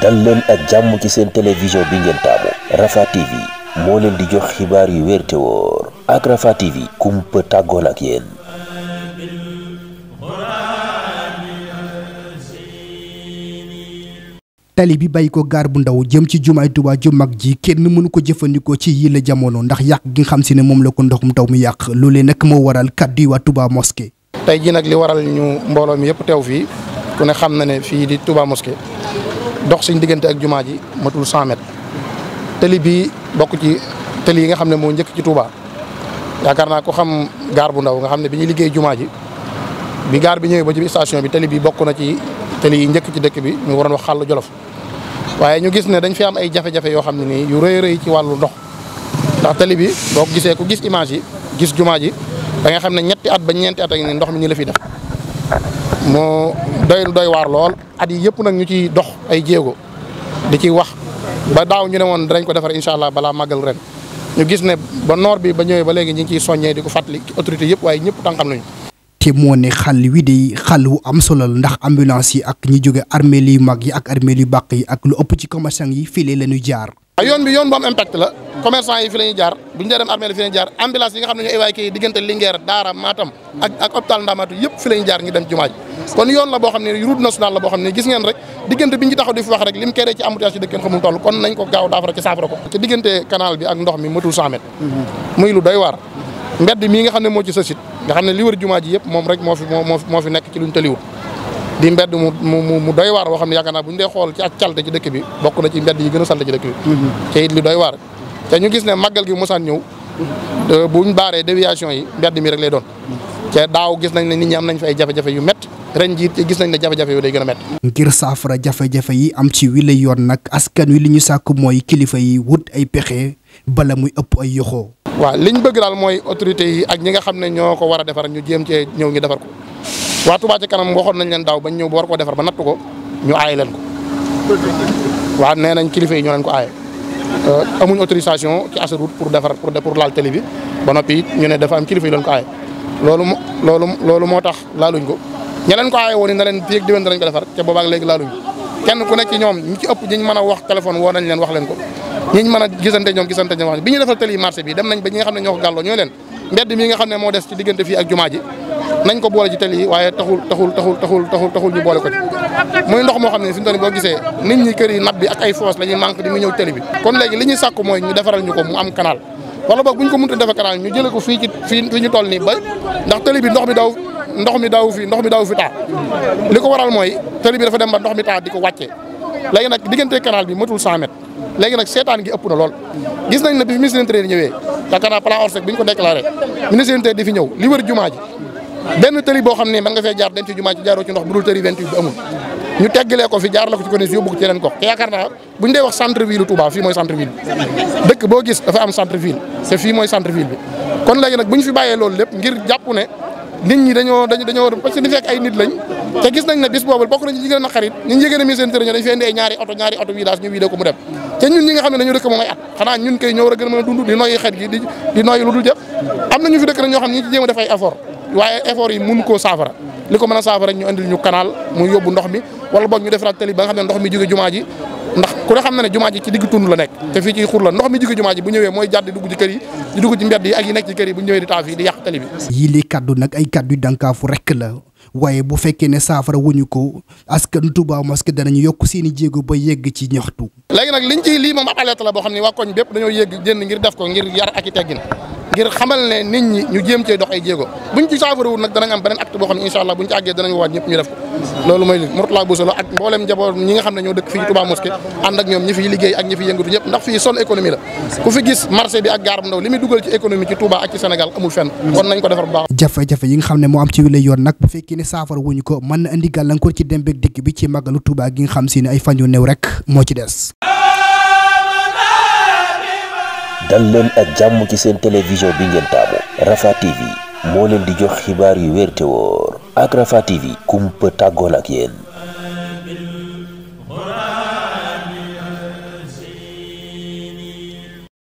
dal leen ak jàmm ci seen télévision bi ngeen taamu Rafah TV moo leen di jox xibaar yu wér te wóor ak Rafah TV kumpa tàggoon ak yéen. tali bi bàyyi ko gaar bu ndaw jëm ci jumaay Tuubaa ju mag ji kenn mënu ko jëfandikoo ci yi la jamono ndax yàq gi nga xam si ne moom la ko ndoxum taw mi yàq loolee nag moo waral kàddu yi waa Touba mosquée. tey jii nag li waral ñu mbooloo mi yëpp teew fii ku ne xam na ne fii di Touba mosquée. dox suñ diggante ak jumaa ji matul 100 mètres tëli bi bokk ci tëli yi nga xam ne moo njëkk ci Touba yaakaar naa ko xam gaar bu ndaw nga xam ne bi ñuy liggéey jumaa ji bi gaar bi ñëwee ba ci station bi tëli bi bokk na ci tëli yi njëkk ci dëkk bi ñu waroon wax xàll jolof waaye ñu gis ne dañ fi am ay jafe-jafe yoo xam ne nii yu rëy rëy ci wàllu ndox ndax tëli bi boo gisee ku gis image yi gis jumaa ji da nga xam ne ñetti at ba ñeenti at ak ni ndox mi ñu la fi def moo doy doy waar lool at yi yëpp nag ñu ci dox ay jéego di ci wax ba daaw ñu ne woon dinañ ko defar incha allah balaa màggal rek ñu gis ne ba noor bi ba ñëwee ba léegi ñu ngi ciy soññee di ko fàttali autorité yëpp waaye ñëpp tànkam nañu. te moo ne xàll wi de wu am solo la ndax ambulance yi ak ñi jóge armée yu mag yi ak armée yu bàq yi ak lu ëpp ci commerçant yi file la ñuy jaar. yoon bi yoon bu am impact la commerçant yi fi la jaar bu ñu dee dem armée la fi la jaar ambulance yi nga xam ne ñu évacué diggante Linguère Daara Matam ak ak hôpital Ndamatou yëpp fi la jaar ñu dem jumaa kon yoon la boo xam ne route nationale la boo xam ne gis ngeen rek diggante bi ñu taxaw di fi wax rek lim keree ci embouteillage ci dëkk kenn xamul toll kon bi ak ndox mi matul 100 mii nga xam ne moo ci sësit nga xam ne li wër jumaa ji yëpp moom rek moo fi moo fi nekk ci luñ tëliwut di mbedd mu mu mu doy waar woo xam ne yaakaar naa bu ñu dee xool ci ak calte ci dëkk bi bokk na ci mbedd yi gën a salte ci dëkk bi. te it li doy waar te ñu gis ne màggal gi mosaan ñëw ñu baaree déviation yi mbedd mi rek lay doon. ca daaw gis nañ ne nit ñi am nañ fi ay jafe-jafe yu métti ren jii gis nañ ne jafe-jafe yu day gën a ngir saafara jafe-jafe yi am ci wile yoon nag askan wi li ñu sàkk mooy kilifa yi wut ay pexe bala muy ëpp ay yoxoo. waaw li ñu bëgg daal mooy autorité yi ak ñi nga xam ne ñoo ko war a defar ñu jéem cee ñëw ñu defar ko waa Touba ci kanam waxoon nañ leen daaw bañ ñëw ba war koo defar ba natt ko ñu aaye leen ko. waaw nee nañ kilifa yi ñoo leen ko aaye euh, amuñ autorisation ci pour defar pour pour laal télé bi ba noppi ñu ne dafa am kilifa yi leen ko aaye loolu mo loolu loolu moo tax laaluñ ko ña leen ko aaye woon na leen fii ak diwén danañ ko defar te boobaag léegi laaluñ kenn ku nekk ci ñoom ñi ëpp ñiñ mën a wax téléphone woo nañ leen wax leen ko ñiñ mën a gisante ñoom gisante ñoom bi ñu defal tali marché bi dem nañ ba ñi nga xam ne ñoo ko gàlloo leen mbedd mi nga xam ne moo des ci diggante fii ak jumaa nañ ko boole ci tali waaye taxul taxul taxul taxul taxul taxul ñu boole ko ci muy ndox moo xam ne suñu tali boo gisee nit ñi kër yi nab bi ak la ñuy manque di ñëw tali bi kon léegi li ñuy sàkku mooy ñu defaral ñu ko mu am canal wala boog bu ko mënut a defee canal ñu jëlee ko fii ci fii fi ñu toll nii ba ndax tëli bi ndox mi daw mi daw fi ndox mi daw fi taa li ko waral mooy tëli bi dafa dem ba ndox mi taa di ko wàccee léegi nag diggante canal bi matul 100 mètres léegi nag seetaan gi ëpp na lool gis nañ ne bi ministre de l'intérieur ñëwee yaakaar naa plan Orsec bi ko déclaré ministre de l'intérieur di fi ñëw li wër jumaa ji benn tëli boo xam ne mën nga fee jaar dem ci jumaa ji jaaroo ci ndox bu dul tëli 28 ñu teggilee ko fi jaarale ko ci connaissance yóbbu ko ci yeneen gox yaakaar naa bu ñu dee wax centre ville Touba fii mooy centre ville bi boo gis dafa am centre ville te fii mooy centre ville bi kon léegi nag bu ñu fi bàyyee loolu lépp ngir jàpp ne nit ñi dañoo dañoo dañoo parce fekk ay nit lañ te gis nañ ne bis boobu bokk nañ jigéen na xarit ñu ñu yëgën a miseen tërëño dañu fi indi ay ñaari oto ñaari oto village ñu wii ko mu dem te ñun ñi nga xam ne dañoo dëkk moom ay at xanaa ñun a gën a mën a dund na ñu fi dëkk na ñoo xam a def ay koo saafara li ko mën a saafara ñu indil ñu canal muy yóbbu ndox mi wala boog ñu defaraat tali ba nga xam ne ndox mi jóge jumaa ji ndax ku ne xam na ne jumaa ji ci digg nekk te fii ci xur la ndox mi jóge jumaa ji bu ñëwee mooy jàdd dugg ci kër yi di dugg ci mbedd yi ak yi nekk ci kër yi bu ñëwee di taaf di yàq tali bi yii kaddu nag ay kaddu dankaafu rekk la waaye bu fekkee ne saafara wuñu ko askan Touba dana ñu yokk seen i jéego ba yegg ci ñaxtu léegi nag liñ ci lii moom ab alerte la boo xam ne waa koñ dañoo yegg jënd ngir def ko ngir yar ak i teggin ngir xamal ne nit ñi ñu jéem cee dox ay jéego buñ ci saafarawul nag danañ am beneen acte boo xam ne incha allah buñ ci àggee danañ waat ñëpp ñu def ko loolu mooy li Mourtala Bousso nga xam ne ñoo dëkk fii Touba Mosquée ànd ak ñoom liggéey ak ñi fiy yëngatu ñëpp ndax fii sol économie la ku fi gis marché bi ak gaar bu ndaw li muy dugal ci économie ci Touba ak ci Sénégal amul fenn kon nañ ko defar bu baax jafe-jafe yi nga xam ne moo am ci wile yoon nag bu fekkee ne saafara wuñu ko mën na indi gàllankoor ci dem beeg dikk bi ci màggalu Touba gi nga xam si ne ay fan yu néew rek moo ci des dal leen ak jàmm ci seen télévision bi ngeen taamu Rafah TV moo leen di jox xibaar yu wér te wóor ak Rafah TV kumpa tàggoon ak yéen